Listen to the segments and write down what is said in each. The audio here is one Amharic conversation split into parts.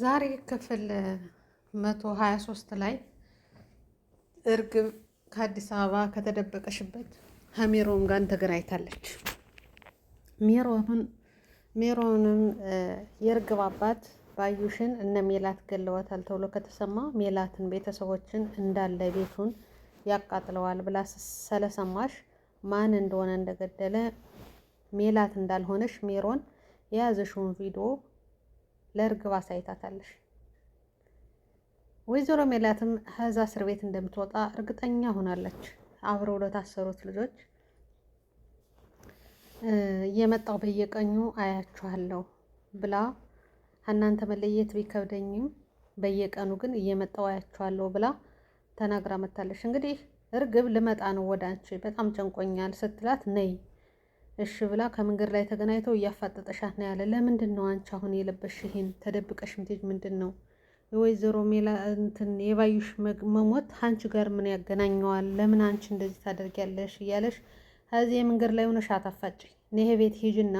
ዛሬ ክፍል 123 ላይ እርግብ ከአዲስ አበባ ከተደበቀሽበት ከሜሮን ጋር ተገናኝታለች። ሜሮንን ሜሮንም የእርግብ አባት ባዩሽን እነ ሜላት ገለዋታል ተብሎ ከተሰማ ሜላትን ቤተሰቦችን እንዳለ ቤቱን ያቃጥለዋል ብላ ስለሰማሽ ማን እንደሆነ እንደገደለ ሜላት እንዳልሆነሽ ሜሮን የያዘሽውን ቪዲዮ ለእርግብ አሳይታታለሽ። ወይዘሮ ሜላትም ከዛ እስር ቤት እንደምትወጣ እርግጠኛ ሆናለች። አብረው ለታሰሩት ልጆች እየመጣው በየቀኙ አያችኋለሁ ብላ እናንተ መለየት ቢከብደኝም በየቀኑ ግን እየመጣው አያችኋለሁ ብላ ተናግራ መታለች። እንግዲህ እርግብ ልመጣ ነው ወደ አንቺ በጣም ጨንቆኛል ስትላት ነይ እሺ ብላ ከመንገድ ላይ ተገናኝተው እያፋጠጠሻት ነው ያለ። ለምንድን ነው አንቺ አሁን የለበሽ ይሄን ተደብቀሽ ምትሄጂ? ምንድን ነው የወይዘሮ ሜላ እንትን የባዩሽ መሞት አንቺ ጋር ምን ያገናኘዋል? ለምን አንቺ እንደዚህ ታደርጊያለሽ? እያለሽ ከዚህ የመንገድ ላይ ሆነሽ አታፋጭ። ይሄ ቤት ሂጂና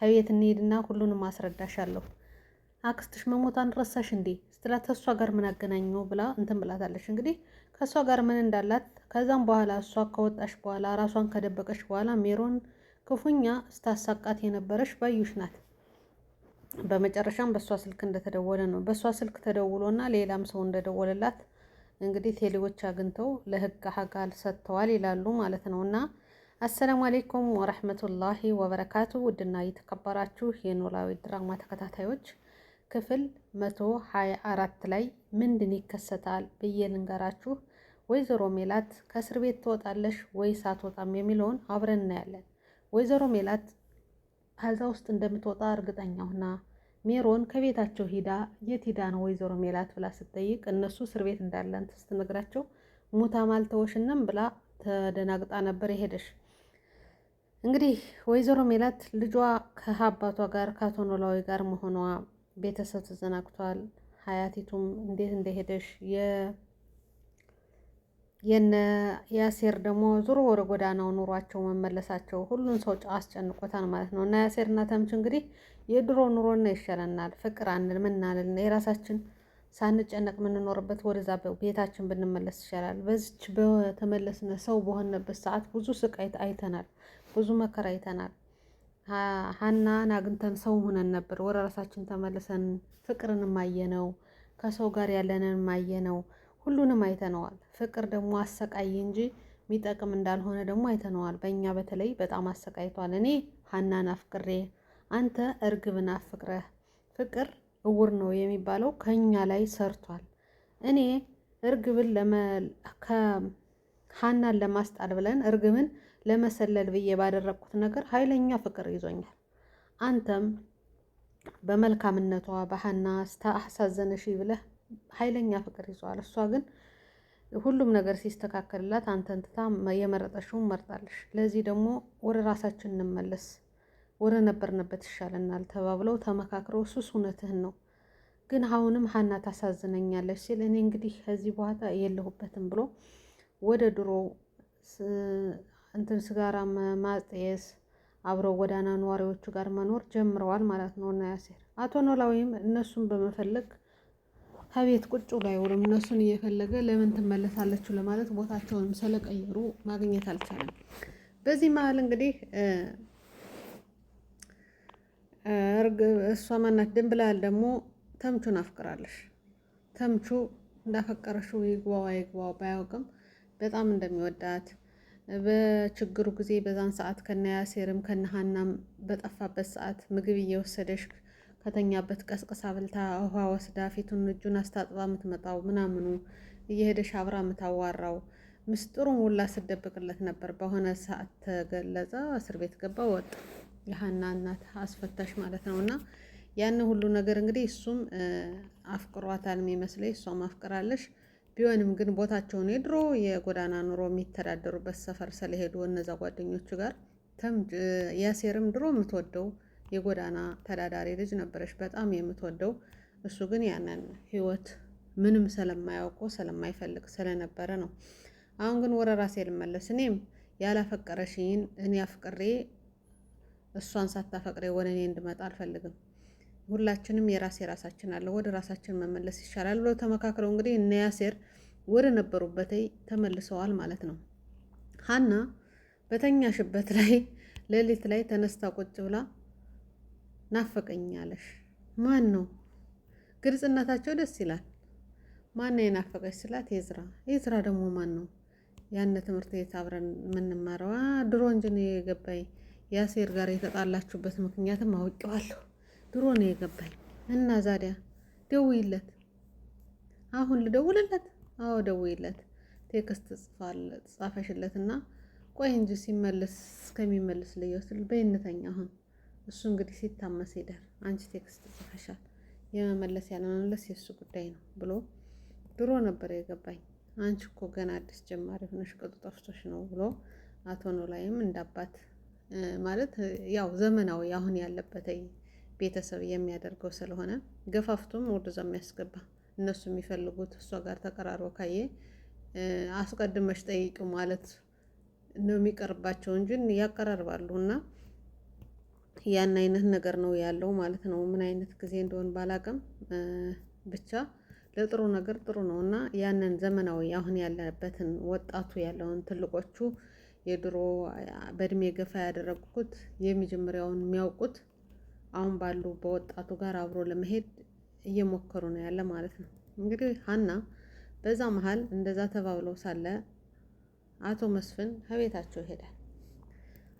ከቤት እንሄድና ሁሉንም አስረዳሻለሁ። አክስትሽ መሞቷን ረሳሽ እንዴ ስትላት ከእሷ ጋር ምን አገናኘው ብላ እንትን ብላታለች። እንግዲህ ከእሷ ጋር ምን እንዳላት ከዛም በኋላ እሷ ከወጣሽ በኋላ ራሷን ከደበቀሽ በኋላ ሜሮን ክፉኛ ስታሳቃት የነበረች ባዩሽ ናት። በመጨረሻም በእሷ ስልክ እንደተደወለ ነው። በእሷ ስልክ ተደውሎና ሌላም ሰው እንደደወለላት እንግዲህ ቴሌዎች አግኝተው ለህግ አካል ሰጥተዋል ይላሉ ማለት ነው። እና አሰላሙ አሌይኩም ወረህመቱላሂ ወበረካቱ ውድና የተከበራችሁ የኖላዊ ድራማ ተከታታዮች ክፍል መቶ ሀያ አራት ላይ ምንድን ይከሰታል ብዬ ልንገራችሁ። ወይዘሮ ሜላት ከእስር ቤት ትወጣለሽ ወይስ አትወጣም የሚለውን አብረን እናያለን። ወይዘሮ ሜላት ከዛ ውስጥ እንደምትወጣ እርግጠኛ ሁና ሜሮን ከቤታቸው ሂዳ የት ሂዳ ነው ወይዘሮ ሜላት ብላ ስትጠይቅ እነሱ እስር ቤት እንዳለን ስትነግራቸው ሙታም አልተወሽንም ብላ ተደናግጣ ነበር የሄደሽ። እንግዲህ ወይዘሮ ሜላት ልጇ ከአባቷ ጋር ከአቶ ኖላዊ ጋር መሆኗ ቤተሰብ ተዘናግቷል። ሀያቲቱም እንዴት እንደሄደሽ የነ ያሴር ደግሞ ዙሮ ወደ ጎዳናው ኑሯቸው መመለሳቸው ሁሉን ሰው አስጨንቆታል ማለት ነው። እና ያሴር እና ተምች እንግዲህ የድሮ ኑሮና ይሻለናል፣ ፍቅር አንል ምን የራሳችን ሳንጨነቅ የምንኖርበት ወደዛ ቤታችን ብንመለስ ይሻላል። በዚች በተመለስነ ሰው በሆነበት ሰዓት ብዙ ስቃይ አይተናል፣ ብዙ መከራ አይተናል። ሀናን አግኝተን ሰው ሆነን ነበር። ወደ ራሳችን ተመልሰን ፍቅርን ማየነው፣ ከሰው ጋር ያለንን ማየነው። ሁሉንም አይተነዋል። ፍቅር ደግሞ አሰቃይ እንጂ የሚጠቅም እንዳልሆነ ደግሞ አይተነዋል። በእኛ በተለይ በጣም አሰቃይቷል። እኔ ሀናን አፍቅሬ አንተ እርግብን አፍቅረህ ፍቅር እውር ነው የሚባለው ከኛ ላይ ሰርቷል። እኔ እርግብን ሀናን ለማስጣል ብለን እርግብን ለመሰለል ብዬ ባደረግኩት ነገር ኃይለኛ ፍቅር ይዞኛል። አንተም በመልካምነቷ በሀና አሳዘነሽ ብለህ ኃይለኛ ፍቅር ይዘዋል። እሷ ግን ሁሉም ነገር ሲስተካከልላት አንተን ትታ የመረጠሽውን መርጣለሽ። ለዚህ ደግሞ ወደ ራሳችን እንመለስ፣ ወደ ነበርንበት ይሻለናል ተባብለው ተመካክረው እሱስ እውነትህን ነው ግን አሁንም ሀና ታሳዝነኛለች ሲል እኔ እንግዲህ ከዚህ በኋላ የለሁበትም ብሎ ወደ ድሮ እንትን ስጋራ ማጤስ አብረው ጎዳና ነዋሪዎቹ ጋር መኖር ጀምረዋል ማለት ነው እና ያሴር አቶ ኖላዊም እነሱን በመፈለግ ከቤት ቁጭ ብሎ አይውልም። እነሱን እየፈለገ ለምን ትመለሳለችሁ ለማለት ቦታቸውንም ስለቀየሩ ማግኘት አልቻለም። በዚህ መሀል እንግዲህ እሷ ማናት ድንብላል ደግሞ ተምቹን አፍቅራለች ተምቹ እንዳፈቀረሽው ይግባው አይግባው ባያውቅም በጣም እንደሚወዳት በችግሩ ጊዜ በዛን ሰዓት ከነ ያሴርም ከነ ሀናም በጠፋበት ሰዓት ምግብ እየወሰደሽ ከተኛበት ቀስቅሳ ብልታ ውሃ ወስዳ ፊቱን እጁን አስታጥባ የምትመጣው ምናምኑ እየሄደሽ አብራ የምታዋራው ምስጢሩን ሁላ ስደብቅለት ነበር። በሆነ ሰዓት ተገለጸ። እስር ቤት ገባ ወጥ የሀና እናት አስፈታሽ ማለት ነው። እና ያን ሁሉ ነገር እንግዲህ እሱም አፍቅሯታል የሚመስለኝ እሷም አፍቅራለሽ። ቢሆንም ግን ቦታቸውን የድሮ የጎዳና ኑሮ የሚተዳደሩበት ሰፈር ስለሄዱ እነዛ ጓደኞቹ ጋር ያሴርም ድሮ የምትወደው የጎዳና ተዳዳሪ ልጅ ነበረች በጣም የምትወደው። እሱ ግን ያንን ህይወት ምንም ስለማያውቁ ስለማይፈልግ ስለነበረ ነው። አሁን ግን ወደ ራሴ ልመለስ። እኔም ያላፈቀረሽኝን እኔ አፍቅሬ እሷን ሳታፈቅሬ ወደ እኔ እንድመጣ አልፈልግም። ሁላችንም የራሴ ራሳችን አለ ወደ ራሳችን መመለስ ይሻላል ብሎ ተመካክረው እንግዲህ እነ ያሴር ወደ ነበሩበት ተመልሰዋል ማለት ነው። ሀና በተኛሽበት ላይ ሌሊት ላይ ተነስታ ቁጭ ብላ ናፈቀኛለሽ ማን ነው? ግልጽነታቸው ደስ ይላል። ማን ነው የናፈቀሽ ስላት የዝራ የዝራ ደግሞ ማን ነው? ያነ ትምህርት ቤት አብረን የምንማረው ድሮ እንጂ ነው የገባኝ። የአሴር ጋር የተጣላችሁበት ምክንያትም አውቄዋለሁ። ድሮ ነው የገባኝ። እና ዛዲያ ደውይለት፣ አሁን ልደውልለት? አዎ ደውይለት። ቴክስት ጻፈሽለት እና ቆይ እንጂ ሲመልስ እስከሚመልስ ልየው ስል በይነተኛ አሁን እሱ እንግዲህ ሲታመስ ሄዳል። አንቺ ቴክስት ጽፈሻል፣ የመመለስ ያለመመለስ የእሱ ጉዳይ ነው ብሎ ድሮ ነበር የገባኝ። አንቺ እኮ ገና አዲስ ጀማሪ ሆነሽ ቅጡ ጠፍቶሽ ነው ብሎ አቶ ኖላይም እንዳባት ማለት ያው ዘመናዊ አሁን ያለበት ቤተሰብ የሚያደርገው ስለሆነ ገፋፍቶም ወደዛ የሚያስገባ እነሱ የሚፈልጉት እሷ ጋር ተቀራርቦ ካየ አስቀድመሽ ጠይቂው ማለት ነው የሚቀርባቸው እንጂ ያቀራርባሉ እና ያን አይነት ነገር ነው ያለው ማለት ነው። ምን አይነት ጊዜ እንደሆን ባላቅም ብቻ ለጥሩ ነገር ጥሩ ነው እና ያንን ዘመናዊ አሁን ያለበትን ወጣቱ ያለውን ትልቆቹ የድሮ በእድሜ ገፋ ያደረጉት የመጀመሪያውን የሚያውቁት አሁን ባሉ በወጣቱ ጋር አብሮ ለመሄድ እየሞከሩ ነው ያለ ማለት ነው። እንግዲህ ሀና በዛ መሀል እንደዛ ተባብለው ሳለ አቶ መስፍን ከቤታቸው ይሄዳል።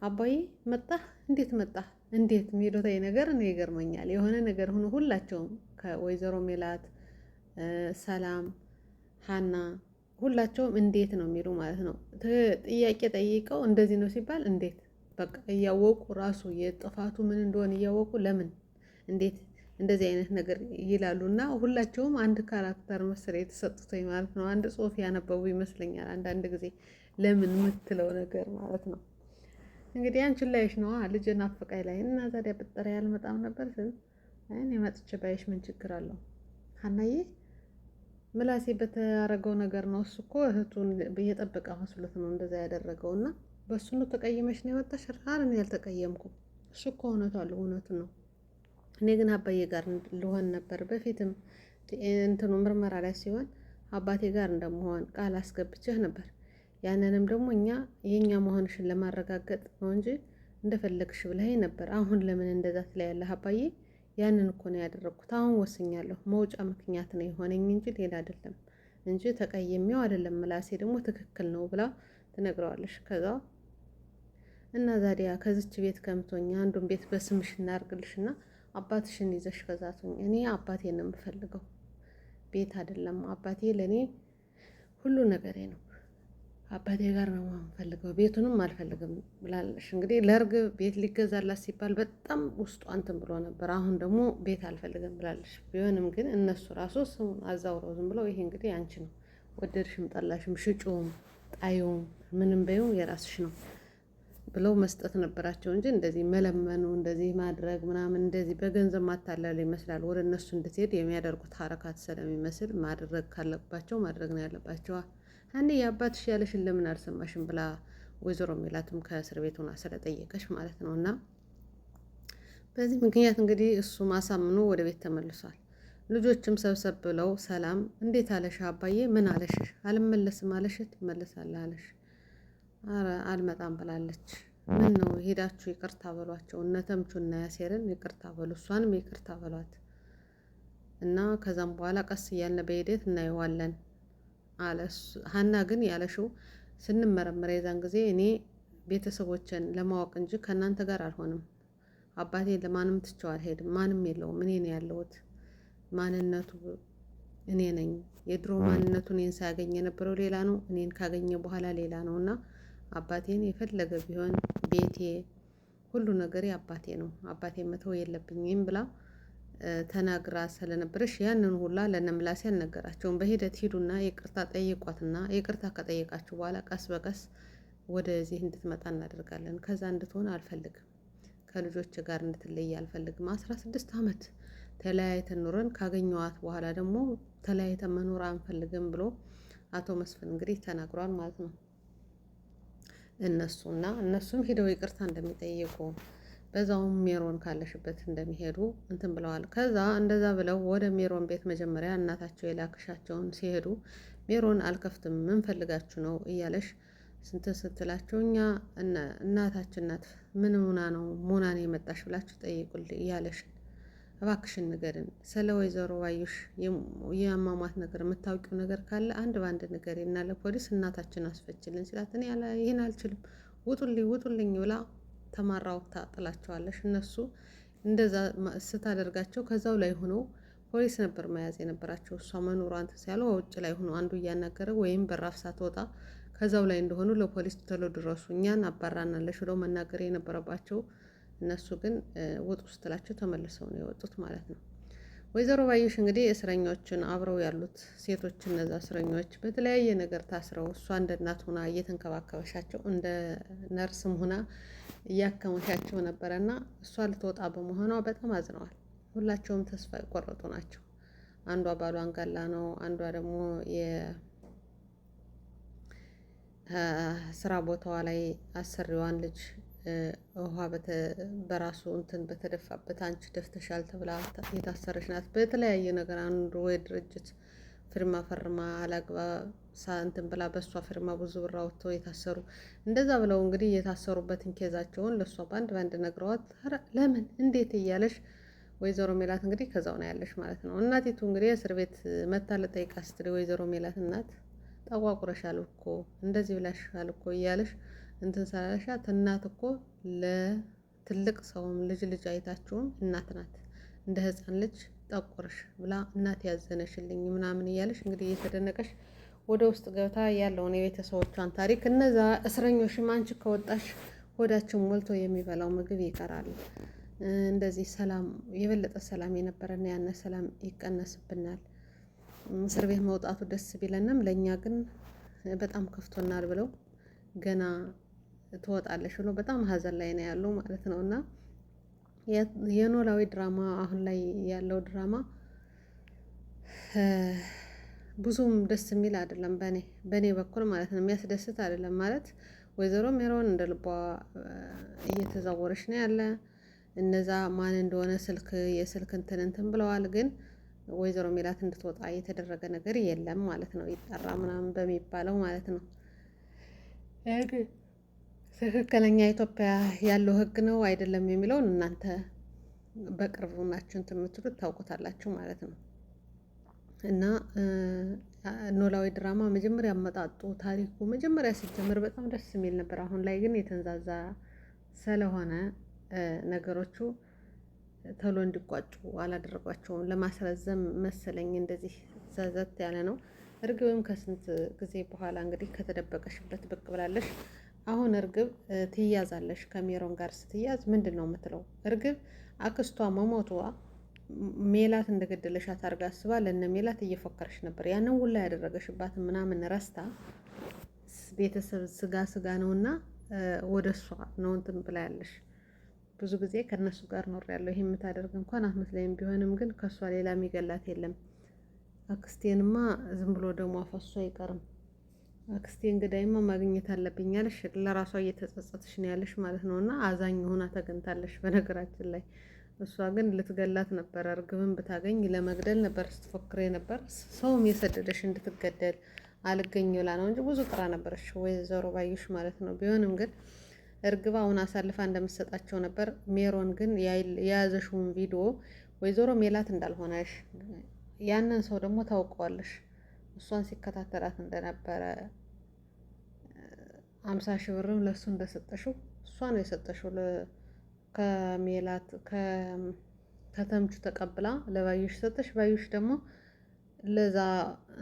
አባዬ መጣህ? እንዴት መጣህ? እንዴት ሜዶታዊ ነገር እኔ ይገርመኛል። የሆነ ነገር ሆኖ ሁላቸውም ከወይዘሮ ሜላት ሰላም፣ ሀና ሁላቸውም እንዴት ነው የሚሉ ማለት ነው። ጥያቄ ጠይቀው እንደዚህ ነው ሲባል እንዴት በቃ እያወቁ ራሱ የጥፋቱ ምን እንደሆነ እያወቁ ለምን እንዴት እንደዚህ አይነት ነገር ይላሉ። እና ሁላቸውም አንድ ካራክተር መሰለኝ የተሰጡት ማለት ነው። አንድ ጽሑፍ ያነበቡ ይመስለኛል አንዳንድ ጊዜ ለምን የምትለው ነገር ማለት ነው። እንግዲህ አንቺን ላይሽ ነዋ ልጅ ናፍቃኝ ላይ እና ዛሬ ብጠሪ ያልመጣም ነበር ስል እኔ መጥቼ ባይሽ ምን ችግር አለው? ሀናዬ ምላሴ በተያረገው ነገር ነው። እሱ እኮ እህቱን እየጠበቀ መስሎት ነው እንደዛ ያደረገው እና በእሱ ነው ተቀይመሽ ነው የወጣሽ? እኔ ያልተቀየምኩም እሱ እኮ እውነቷል፣ እውነቱ ነው። እኔ ግን አባዬ ጋር ልሆን ነበር በፊትም እንትኑ ምርመራ ላይ ሲሆን አባቴ ጋር እንደመሆን ቃል አስገብቼህ ነበር ያንንም ደግሞ እኛ የእኛ መሆንሽን ለማረጋገጥ ነው እንጂ እንደፈለግሽ ብለህ ነበር። አሁን ለምን እንደዛ ትለያለህ? አባዬ ያንን እኮ ነው ያደረግኩት። አሁን ወስኛለሁ። መውጫ ምክንያት ነው የሆነኝ እንጂ ሌላ አይደለም እንጂ ተቀየሚው አይደለም። ምላሴ ደግሞ ትክክል ነው ብላ ትነግረዋለሽ። ከዛ እና ዛዲያ ከዚች ቤት ከምቶኛ አንዱን ቤት በስምሽ እናርግልሽና አባትሽን ይዘሽ ከዛቱኝ። እኔ አባቴ ነው የምፈልገው፣ ቤት አይደለም። አባቴ ለእኔ ሁሉ ነገሬ ነው። አባቴ ጋር ነው የምፈልገው፣ ቤቱንም አልፈልግም ብላለች እንግዲህ ለእርግብ ቤት ሊገዛላት ሲባል በጣም ውስጡ አንትን ብሎ ነበር። አሁን ደግሞ ቤት አልፈልግም ብላለች ቢሆንም ግን እነሱ ራሱ ስሙን አዛውረው ዝም ብለው ይሄ እንግዲህ አንቺ ነው ወደድሽም ጠላሽም፣ ሽጮም ጣዩም፣ ምንም በይው የራስሽ ነው ብለው መስጠት ነበራቸው እንጂ እንደዚህ መለመኑ እንደዚህ ማድረግ ምናምን እንደዚህ በገንዘብ ማታለል ይመስላል ወደ እነሱ እንድትሄድ የሚያደርጉት ሀረካት ስለሚመስል ማድረግ ካለባቸው ማድረግ ነው ያለባቸዋል። አንዴ የአባትሽ ያለሽን ለምን አልሰማሽም ብላ ወይዘሮ ሜላትም ከእስር ቤት ሆና ስለጠየቀች ማለት ነው። እና በዚህ ምክንያት እንግዲህ እሱ ማሳምኑ ወደ ቤት ተመልሷል። ልጆችም ሰብሰብ ብለው ሰላም፣ እንዴት አለሽ አባዬ? ምን አለሽ? አልመለስም አለሽ? ትመለሳለ አለሽ? ኧረ አልመጣም ብላለች። ምን ነው ሄዳችሁ ይቅርታ በሏቸው። እነ እና ያሴርን ይቅርታ በሉ፣ እሷንም ይቅርታ በሏት እና ከዛም በኋላ ቀስ እያልን በሂደት እናየዋለን ሀና ግን ያለሽው ስንመረመር የዛን ጊዜ እኔ ቤተሰቦችን ለማወቅ እንጂ ከእናንተ ጋር አልሆንም። አባቴ ለማንም ትቼው አልሄድም። ማንም የለውም። እኔ ነው ያለሁት። ማንነቱ እኔ ነኝ። የድሮ ማንነቱ እኔን ሳያገኝ የነበረው ሌላ ነው። እኔን ካገኘ በኋላ ሌላ ነው እና አባቴን የፈለገ ቢሆን ቤቴ፣ ሁሉ ነገር አባቴ ነው። አባቴ መተው የለብኝም ብላ ተናግራ ስለነበረች ያንን ሁላ ለነምላሴ አልነገራቸውም። በሂደት ሂዱና ይቅርታ ጠይቋትና ይቅርታ ከጠየቃችሁ በኋላ ቀስ በቀስ ወደዚህ እንድትመጣ እናደርጋለን። ከዛ እንድትሆን አልፈልግም። ከልጆች ጋር እንድትለይ አልፈልግም። አስራ ስድስት ዓመት ተለያይተን ኑረን ካገኘዋት በኋላ ደግሞ ተለያይተን መኖር አንፈልግም ብሎ አቶ መስፍን እንግዲህ ተናግሯል ማለት ነው። እነሱና እነሱም ሂደው ይቅርታ እንደሚጠይቁ በዛውም ሜሮን ካለሽበት እንደሚሄዱ እንትን ብለዋል። ከዛ እንደዛ ብለው ወደ ሜሮን ቤት መጀመሪያ እናታቸው የላክሻቸውን ሲሄዱ ሜሮን አልከፍትም ምን ፈልጋችሁ ነው እያለሽ ስንት ስትላቸው እኛ እናታችን ናት ምን ሙና ነው ሙናን የመጣሽ ብላችሁ ጠይቁል እያለሽ እባክሽን ንገርን። ስለ ወይዘሮ ባዩሽ የማሟት ነገር የምታውቂው ነገር ካለ አንድ በአንድ ንገሪ እና ለፖሊስ እናታችን አስፈችልን ሲላት እኔ ይህን አልችልም ውጡልኝ ውጡልኝ ብላ ተማራ ወቅታ ጥላቸዋለሽ። እነሱ እንደዛ ስታደርጋቸው ከዛው ላይ ሆኖ ፖሊስ ነበር መያዝ የነበራቸው። እሷ መኖሯ እንትን ሲያሉ ውጭ ላይ ሆኖ አንዱ እያናገረ ወይም በራፍ ሳትወጣ ከዛው ላይ እንደሆኑ ለፖሊስ ቶሎ ድረሱ፣ እኛን አባራናለሽ ብለው መናገር የነበረባቸው እነሱ ግን ውጡ ስትላቸው ተመልሰው ነው የወጡት ማለት ነው። ወይዘሮ ባዩሽ እንግዲህ እስረኞችን አብረው ያሉት ሴቶች እነዛ እስረኞች በተለያየ ነገር ታስረው እሷ እንደ እናት ሆና እየተንከባከበሻቸው እንደ ነርስም ሆና እያከመሻቸው ነበረ እና እሷ ልትወጣ በመሆኗ በጣም አዝነዋል። ሁላቸውም ተስፋ የቆረጡ ናቸው። አንዷ ባሏን ገላ ነው፣ አንዷ ደግሞ የስራ ቦታዋ ላይ አሰሪዋን ልጅ ውሃ በራሱ እንትን በተደፋበት አንቺ ደፍተሻል ተብላ የታሰረች ናት። በተለያየ ነገር አንዱ ወይ ድርጅት ፊርማ ፈርማ አላግባ እንትን ብላ በእሷ ፊርማ ብዙ ብር አውጥተው የታሰሩ እንደዛ ብለው እንግዲህ የታሰሩበትን ኬዛቸውን ለእሷ በአንድ በአንድ ነግረዋት፣ ለምን እንዴት እያለሽ ወይዘሮ ሜላት እንግዲህ ከዛው ነው ያለሽ ማለት ነው። እናቲቱ እንግዲህ እስር ቤት መታ ልጠይቃ ስትል ወይዘሮ ሜላት እናት ጠቋቁረሻል እኮ እንደዚህ ብላሻል እኮ እያለሽ እንትን ስላለሻት እናት እኮ ለትልቅ ሰውም ልጅ ልጅ አይታችሁም እናት ናት። እንደ ህፃን ልጅ ጠቁርሽ ብላ እናት ያዘነሽልኝ ምናምን እያለሽ እንግዲህ እየተደነቀሽ ወደ ውስጥ ገብታ ያለውን የቤተሰቦቿን ታሪክ እነዛ እስረኞችም አንቺ ከወጣሽ ሆዳችን ሞልቶ የሚበላው ምግብ ይቀራል። እንደዚህ ሰላም የበለጠ ሰላም የነበረና ያነ ሰላም ይቀነስብናል። እስር ቤት መውጣቱ ደስ ቢለንም ለእኛ ግን በጣም ከፍቶናል ብለው ገና ትወጣለሽ ብሎ በጣም ሀዘን ላይ ነው ያለው ማለት ነው። እና የኖላዊ ድራማ አሁን ላይ ያለው ድራማ ብዙም ደስ የሚል አይደለም፣ በኔ በእኔ በኩል ማለት ነው። የሚያስደስት አይደለም ማለት ወይዘሮ ሜሮን እንደ ልቧ እየተዛወረች ነው ያለ። እነዛ ማን እንደሆነ ስልክ የስልክ እንትን እንትን ብለዋል፣ ግን ወይዘሮ ሜላት እንድትወጣ የተደረገ ነገር የለም ማለት ነው። ይጠራ ምናምን በሚባለው ማለት ነው። ትክክለኛ ኢትዮጵያ ያለው ህግ ነው አይደለም የሚለውን እናንተ በቅርቡ ናችሁ እንትን የምትሉት ታውቁታላችሁ ማለት ነው። እና ኖላዊ ድራማ መጀመሪያ አመጣጡ ታሪኩ መጀመሪያ ሲጀምር በጣም ደስ የሚል ነበር። አሁን ላይ ግን የተንዛዛ ስለሆነ ነገሮቹ ቶሎ እንዲቋጩ አላደረጓቸውም። ለማስረዘም መሰለኝ እንደዚህ ዘዘት ያለ ነው። እርግብም ከስንት ጊዜ በኋላ እንግዲህ ከተደበቀሽበት ብቅ ብላለሽ። አሁን እርግብ ትያዛለሽ ከሜሮን ጋር ስትያዝ ምንድን ነው የምትለው? እርግብ አክስቷ መሞቷ ሜላት እንደገደለሽ አታርጋ አስባ ለእነ ሜላት እየፎከረች ነበር። ያንን ውላ ያደረገሽባት ምናምን ረስታ ቤተሰብ ስጋ ስጋ ነውና ወደ እሷ ነው እንትን ብላ ያለሽ። ብዙ ጊዜ ከእነሱ ጋር ኖር ያለው ይህ የምታደርግ እንኳን አትመስለኝም። ቢሆንም ግን ከእሷ ሌላ የሚገላት የለም። አክስቴንማ ዝም ብሎ ደግሞ አፈሱ አይቀርም። አክስቴ እንግዳይማ ማግኘት አለብኝ አለሽ። ለራሷ እየተጸጸትሽ ነው ያለሽ ማለት ነው። እና አዛኝ ሆና ተገኝታለሽ። በነገራችን ላይ እሷ ግን ልትገላት ነበር። እርግብን ብታገኝ ለመግደል ነበር ስትፎክሬ ነበር። ሰውም የሰደደሽ እንድትገደል አልገኝ ብላ ነው እንጂ ብዙ ጥራ ነበረሽ ወይዘሮ ባዩሽ ማለት ነው። ቢሆንም ግን እርግብ አሁን አሳልፋ እንደምትሰጣቸው ነበር። ሜሮን ግን የያዘሽውን ቪዲዮ ወይዘሮ ሜላት እንዳልሆነሽ ያንን ሰው ደግሞ ታውቀዋለሽ እሷን ሲከታተላት እንደነበረ አምሳ ሺህ ብርም ለእሱ እንደሰጠሽው እሷ ነው የሰጠሽው ከሜላት ከተምቹ ተቀብላ ለባዩሽ ሰጠሽ። ባዩሽ ደግሞ ለዛ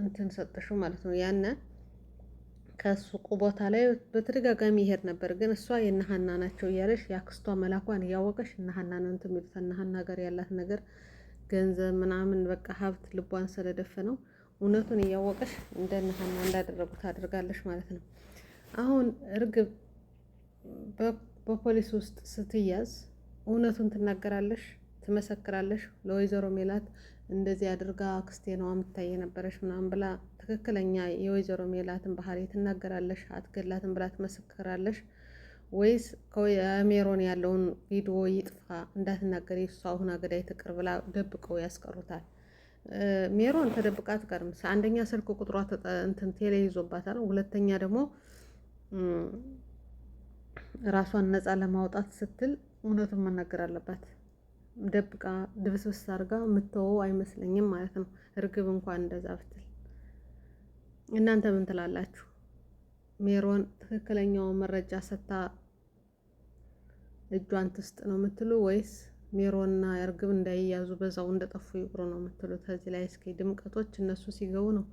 እንትን ሰጠሽው ማለት ነው። ያነ ከሱቁ ቦታ ላይ በተደጋጋሚ ይሄድ ነበር፣ ግን እሷ የነሀና ናቸው እያለሽ የአክስቷ መላኳን እያወቀሽ እነሀና ነው እንትን የሚሉት እነሀና ጋር ያላት ነገር ገንዘብ ምናምን በቃ ሀብት ልቧን ስለደፈነው እውነቱን እያወቀሽ እንደነሀና እንዳደረጉት አድርጋለሽ ማለት ነው። አሁን እርግብ በፖሊስ ውስጥ ስትያዝ እውነቱን ትናገራለሽ፣ ትመሰክራለሽ። ለወይዘሮ ሜላት እንደዚህ አድርጋ አክስቴ ነው የምታይ የነበረሽ ምናምን ብላ ትክክለኛ የወይዘሮ ሜላትን ባህሪ ትናገራለሽ፣ አትገላትን ብላ ትመሰክራለሽ። ወይስ ከሜሮን ያለውን ቪዲዮ ይጥፋ እንዳትናገሪ እሷ አሁን አገዳይ ትቅር ብላ ደብቀው ያስቀሩታል። ሜሮን ተደብቃ አትቀርም። አንደኛ ስልክ ቁጥሯ እንትን ቴሌ ይዞባታል። ሁለተኛ ደግሞ ራሷን ነፃ ለማውጣት ስትል እውነቱን መናገር አለባት። ደብቃ ድብስብስ አድርጋ የምትወው አይመስለኝም ማለት ነው። እርግብ እንኳን እንደዛ ብትል እናንተ ምን ትላላችሁ? ሜሮን ትክክለኛውን መረጃ ሰታ እጇን ትስጥ ነው የምትሉ ወይስ ሜሮና እርግብ እንዳይያዙ በዛው እንደጠፉ ይቁሩ ነው የምትሉት። ከዚህ ላይ እስኪ ድምቀቶች እነሱ ሲገቡ ነው።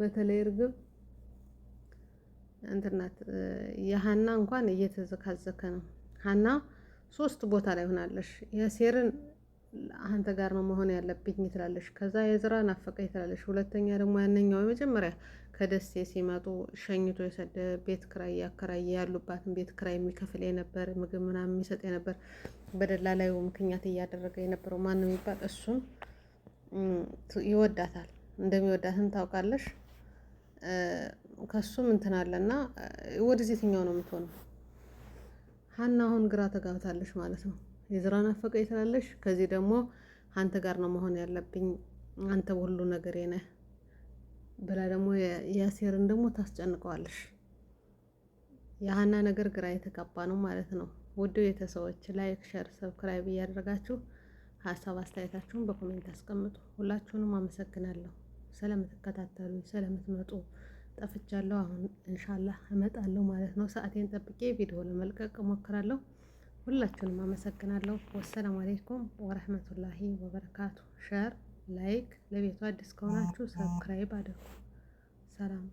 በተለይ እርግብ እንትናት የሀና እንኳን እየተዘካዘከ ነው። ሀና ሶስት ቦታ ላይ ሆናለሽ የሴርን አንተ ጋር ነው መሆን ያለብኝ ትላለች። ከዛ የዝራ ናፈቀኝ ትላለች። ሁለተኛ ደግሞ ያነኛው የመጀመሪያ ከደሴ ሲመጡ ሸኝቶ የሰደ ቤት ክራይ ያከራየ ያሉባትን ቤት ክራይ የሚከፍል የነበር ምግብ ምናምን የሚሰጥ የነበር በደላላዩ ምክንያት እያደረገ የነበረው ማን የሚባል እሱም ይወዳታል። እንደሚወዳትን ታውቃለሽ። ከሱም እንትን አለና ወደዚህ የትኛው ነው የምትሆነው? ሀና አሁን ግራ ተጋብታለች ማለት ነው። የዝራ ናፈቀኝ ትላለሽ። ከዚህ ደግሞ አንተ ጋር ነው መሆን ያለብኝ፣ አንተ ሁሉ ነገር ነህ ብላ ደግሞ ያሴርን ደግሞ ታስጨንቀዋለሽ። የሀና ነገር ግራ የተጋባ ነው ማለት ነው። ውድ ቤተሰቦች ላይክ፣ ሸር፣ ሰብስክራይብ እያደረጋችሁ ሀሳብ አስተያየታችሁን በኮሜንት አስቀምጡ። ሁላችሁንም አመሰግናለሁ ስለምትከታተሉ ስለምትመጡ። ጠፍቻለሁ። አሁን እንሻላ እመጣለሁ ማለት ነው። ሰዓቴን ጠብቄ ቪዲዮ ለመልቀቅ እሞክራለሁ። ሁላችሁንም አመሰግናለሁ። ወሰላሙ አሌይኩም ወረህመቱላሂ ወበረካቱ። ሸር ላይክ፣ ለቤቱ አዲስ ከሆናችሁ ሰብስክራይብ አድርጉ። ሰላም